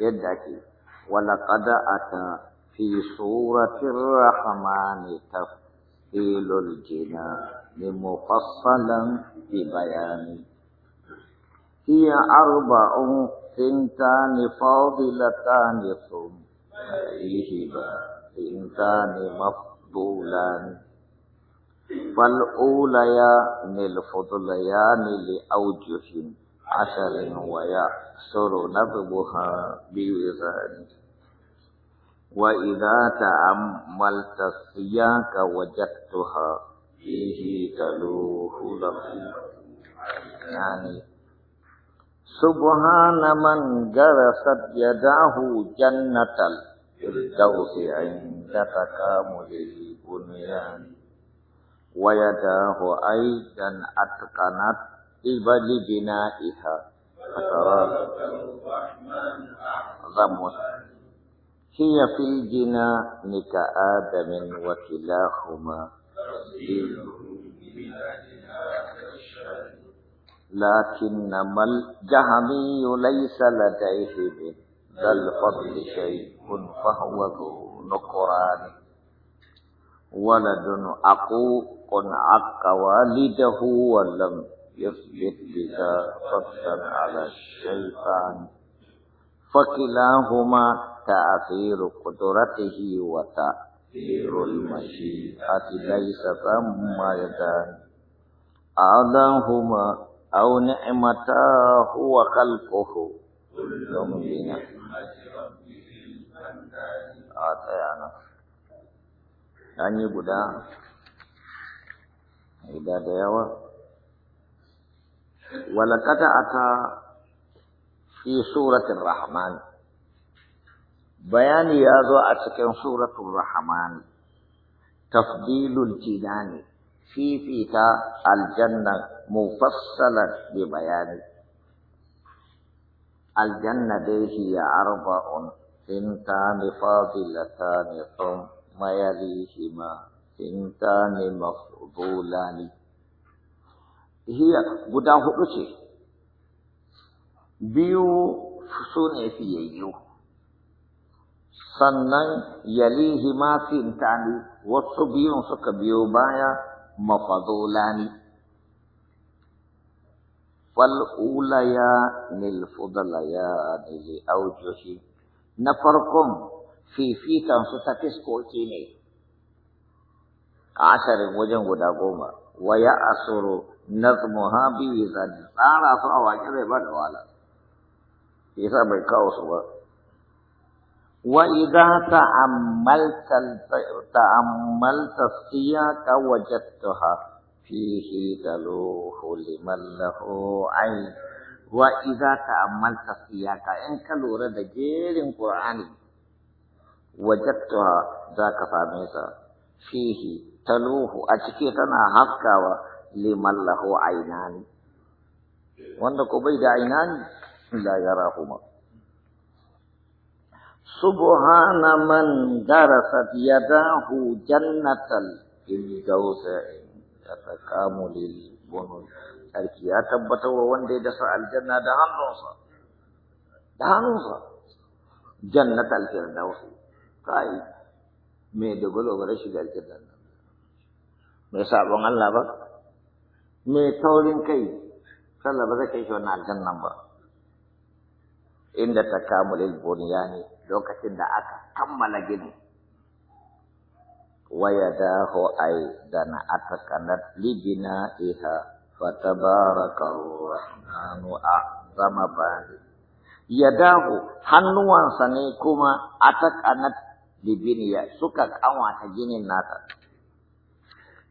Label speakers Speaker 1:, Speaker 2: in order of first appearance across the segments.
Speaker 1: يدعكي ولقد أتى في سورة الرحمن تفصيل الجنان مفصلا ببيان هي أربع ثنتان فاضلتان ثم فيهما ثنتان مفضولان فالأوليان الفضليان لأوجه عسل ويعسر نبضها بوزان وإذا تأملت السياك وجدتها فيه تلوه لفظ يعني سبحان من جرست يداه جنة الفردوس عند تكامل البنيان ويداه أيضا أتقنت لبلبنائها فتراه أعظم هي في الجنان كآدم وكلاهما لكن ما الجهمي ليس لديه من ذا الفضل شيء فهو ذو نقران ولد عقوق عق والده ولم يثبت بها فصلا على الشيطان فكلاهما تأثير قدرته وتأثير المشيئة ليس ثم يدان أعداهما أو نعمتاه وخلقه كل من أعطيانا أن يبدأ إذا دعوة ولقد أتى في سورة الرحمن بيان يازو أتكن سورة الرحمن تفضيل الجنان في فيتا الجنة مفصلا ببيان الجنة هي أربع ثنتان فاضلتان ثم يليهما ثنتان مفضولان hiya guda hudu ce biyu su ne fiyayyu sannan yalihi ma intani wasu biyun suka biyo baya mafazolani fal'ulaya nilfudalaya nile aujoshi na farkon fifikan su ta fiskoki ne a asarin wajen guda goma ويأسر نظمها بميزان أنا أطلع وكذا بدر ولا إذا بكاوس وإذا تأملت تأملت السياق وجدتها فيه تلوح لمن له عين وإذا تأملت السياق إن كالورة جير قرآني وجدتها ذاك فاميسا فيه تلوه اچکی تنا حق کاوا لمن له عینان وند کو بید عینان لا یراهما سبحان من درست یده جنت الفردوس تتکامل البنون ارکی اتبتو وند دسا الجنة دهانوسا دهانوسا جنت الفردوس قائد میں دگلو برشگر جنت mai sabon Allah ba mai taurin kai sallah ba zai kai shi wannan aljannan ba inda takamulil bunyani lokacin da aka kammala gini waya dahu ai dana atakanat libina iha nanu rahmanu a'zama bani yadahu hannuwansa ne kuma atakanat libiniya suka kanwata ginin nata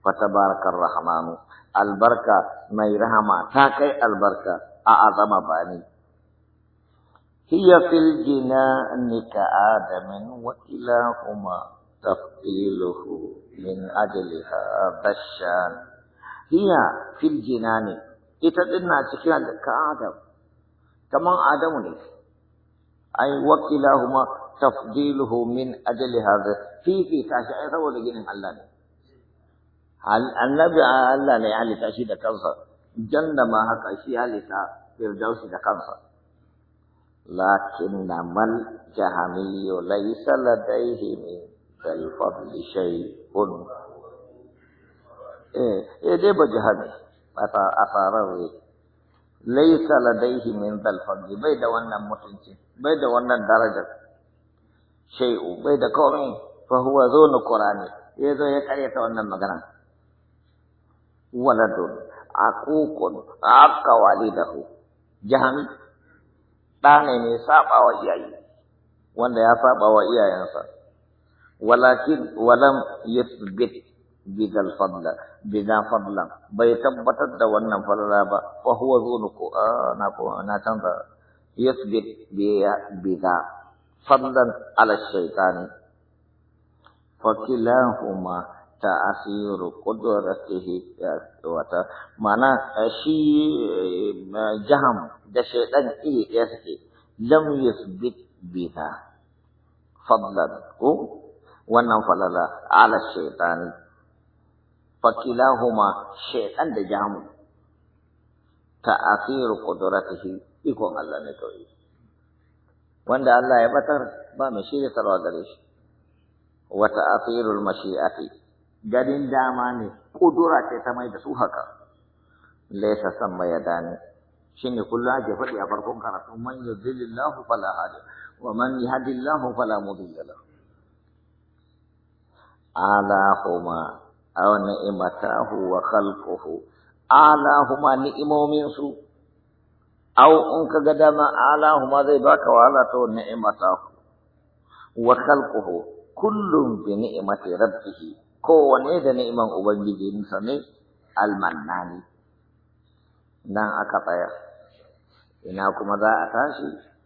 Speaker 1: فتبارك الرحمن البركة مي رحمة تاكي البركة أعظم باني هي في الجنان كآدم وكلاهما تفضيله من أجلها بشان هي في الجنان إتدنا سكيان كآدم كما آدم أي وكلاهما تفضيله من أجل هذا في في تاشعر ولجن الله annabi Allah ne ya halitta shi da kansa janna ma haka shi halitta firdausi da kansa lakinna man jahamiyyu laysa ladayhi min al-fadli shay'un eh eh dai ba jahami ata asarawi laysa ladayhi min al-fadli bai da wannan mutunci bai da wannan daraja shay'u bai da komai fa huwa zunu qur'ani yazo ya karyata wannan magana waladun aququn aka walidahu Jahan? da ne mai saba wa iyaye wanda ya saba wa iyayensa walakin walam yathbit bidal fadla bidal fadla bai tabbatar da wannan fadla ba fa huwa zunuku ah, na ko na canza biya bida fadlan ala shaytani fa kilahuma تأثير قدرته معنى شيء جهم دشيطان إيه يسكي لم يثبت بها فضلا ونفضل على الشيطان فكلاهما شيطان جهم تأثير قدرته يكون الله نتوي وان الله يبتر ما مشيئة الله وتأثير المشيئة Garin dama ne ƙudura ce ta mai da su haka laisa san mai ya dani shi ne kullum ake faɗi a farkon karatu man lahu fala hadi wa man yahdillahu fala mudilla ala alahuma aw ni'matahu wa khalquhu alahuma ni'imomin su aw in ka ga dama alahuma zai baka wahala to ni'matahu wa khalquhu kullum bi ni'mati rabbihi kowane da ni'iman Ubangijinsa ne almannani. Nan aka tsaya, ina kuma za a tashi